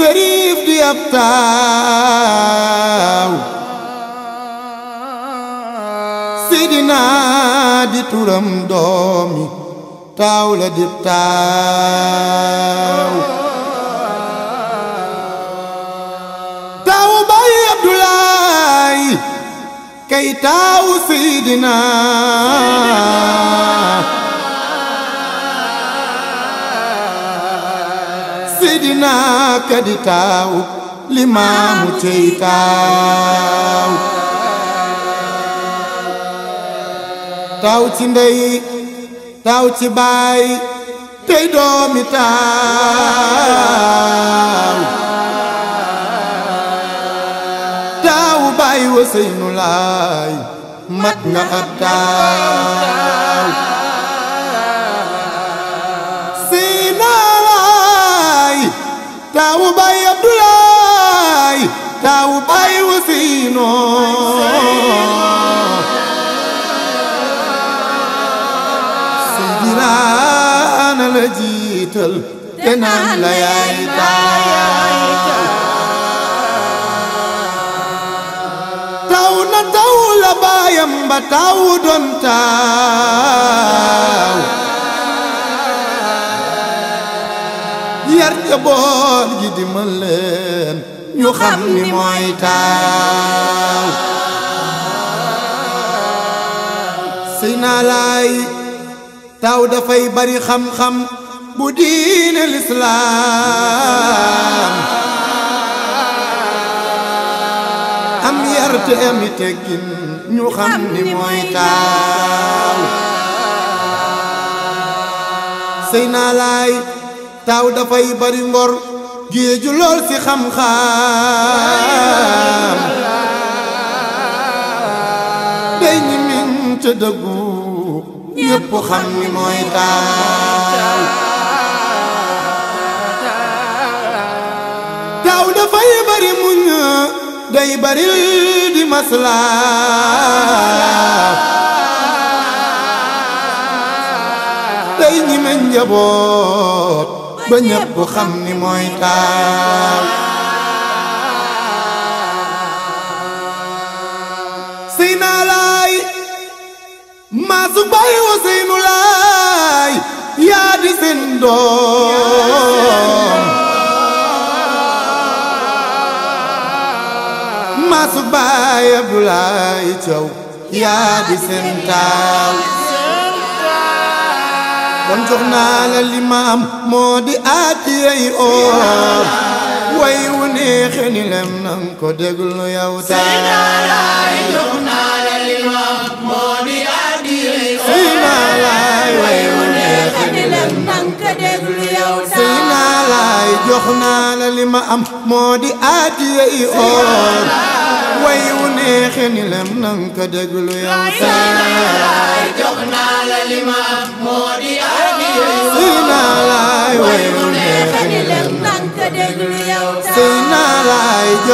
sëriif du yab taaw Sidina di doomi taaw la di taaw taaw bay Abdoulaay kay taaw Sidina Seydina kadi taaw limaamu cey taaw taaw ci ndey taaw ci baay tey doomi taaw taaw baay wa seynu laay mat nga taawu baay Abdoulaye taawu baay Ousseynou Seydina ana la jiital te naan la yaay taaya taawu na taawu la baayam ba taawu doon taaw ca boor ji dimbal leen ñu xam ni mooy taaw sëy naa laay taaw dafay bari xam-xam bu diine lislaam am yar te ami teggin ñu xam ni mooy taaw sëy naa laay taaw dafay bari ngor géeju lool ci day ni mooy taaw taaw dafay bari muñ day bari day ñi meñ ba ñëpp xam ni mooy taaw sëy naa laay maa wa sëy nu laay yaa di seen doom maa su bay Abdoulaye yaa di seen kon jox naa la limaam di aati yey oo way wu neexe ni lem nan ko déglu yow ni lem nan ko déglu yow ni lem nan ko déglu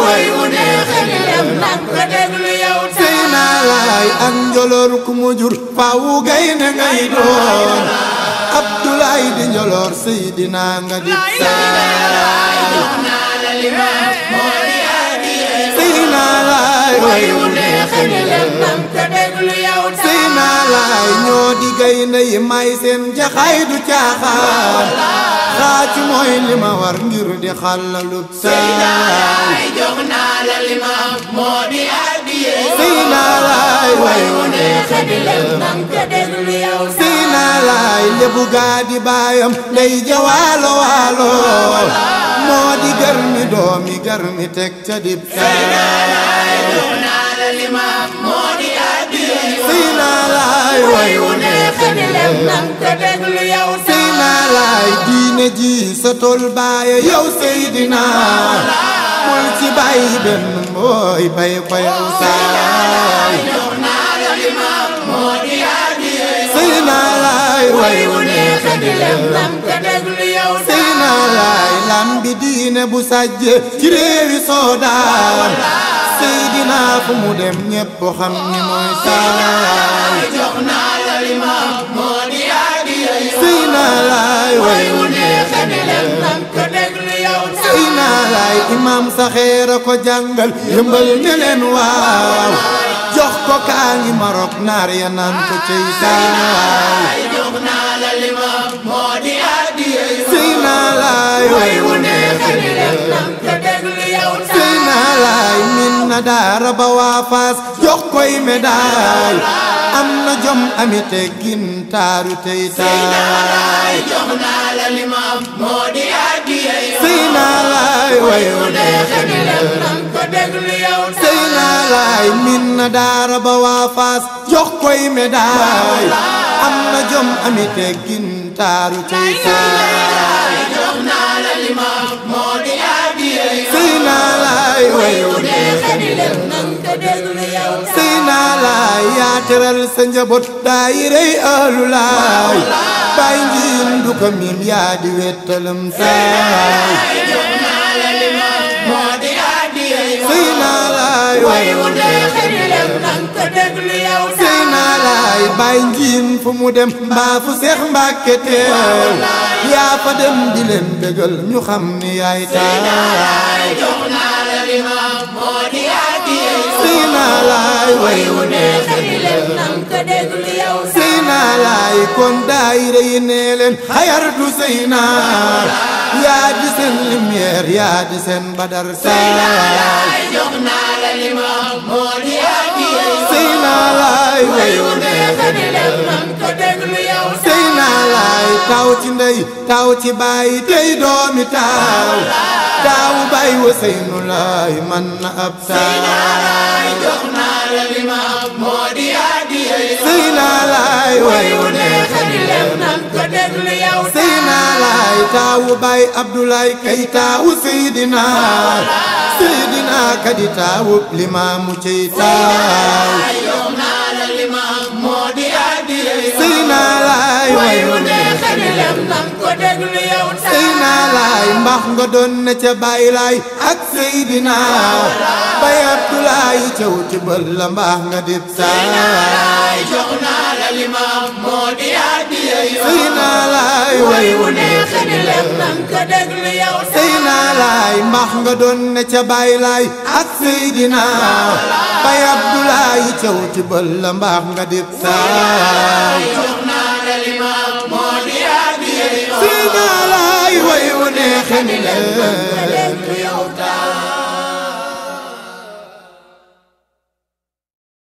way wu neexal dem nag nga déglu yow sey naa laay ak ku mu jur faawu gaynde ngay doon Abdoulaye di njoloor Seydina nga di sey naa laay way wu neexal dem nag nga déglu yow laay ñoo di gaynde yi may seen jaxaay du caaxaan xaacu mooy li ma war ngir di xàllalu say laay jox naa la li ma baayam day ja waalo waalo moo di gar doomi gar mi teg ca dib say waay waay wu neex ni lem nan ko déglu yow Seydina laay diine ji sa tool baaye yow Seydina mooy ci bàyyi benn mooy bay ko yow saay Seydina laay waay wu neex ni lem nan ko déglu yow Seydina laay lambi diine bu sajje ci réewi soodaan Seydina fu mu dem ñépp xam ni mooy saay laay way wu neexe ne leen nan ko déglu yow sëy naa laay imaam saxeera ko jàngal yëmbal ne leen waaw jox ko kaa ngi marok naar ya naan ko cëy saay jox naa la limaam moo di addiyey sëy naa laay way wu neexe ne leen nan ko déglu yow sëy naa laay min na daara ba waa faas jox koy médaille am na jom amite gintaaru tey taay Seydina Laay jox naa la li ma jox koy médaay am na jom amite gintaaru tey taay jox naa la teral sa njaboot daayirey aalu laay baay njiin du baay njiin fu mu dem mbaa fu seex mbàkke teew yaa fa dem di leen bégal ñu xam ni yaay taay Seyna laay kon daayira yi nee leen xayartu Seyna yaa di seen lumière yaa di seen badar Seyna laay jox naa la li ma moo di addiya Seyna laay wayu neexe di leen man ko déglu taw ci ndey taw ci baay tey doomi taaw taaw baay wa Seynu laay man na ab taaw Seyna laay jox naa la li way way wu neex a di lew nan ko déglu yow Seyna Laay taawu Baay Abdoulaye kay taawu Seydina Seydina ka di taawu limaamu ciy taaw Seyna Laay way wu neex Seydina Laay mbaax nga doon na ca Baay Laay ak Seydina Baay Abdulaay ca wuti bël la mbaax nga dit saa Seydina naa la limaam moo di àddiya di lem nan ka déglu yow Seydina nga doon na ca Baay Laay ak Seydina Baay Abdulaay ca wuti bël la mbaax nga dit saa خللا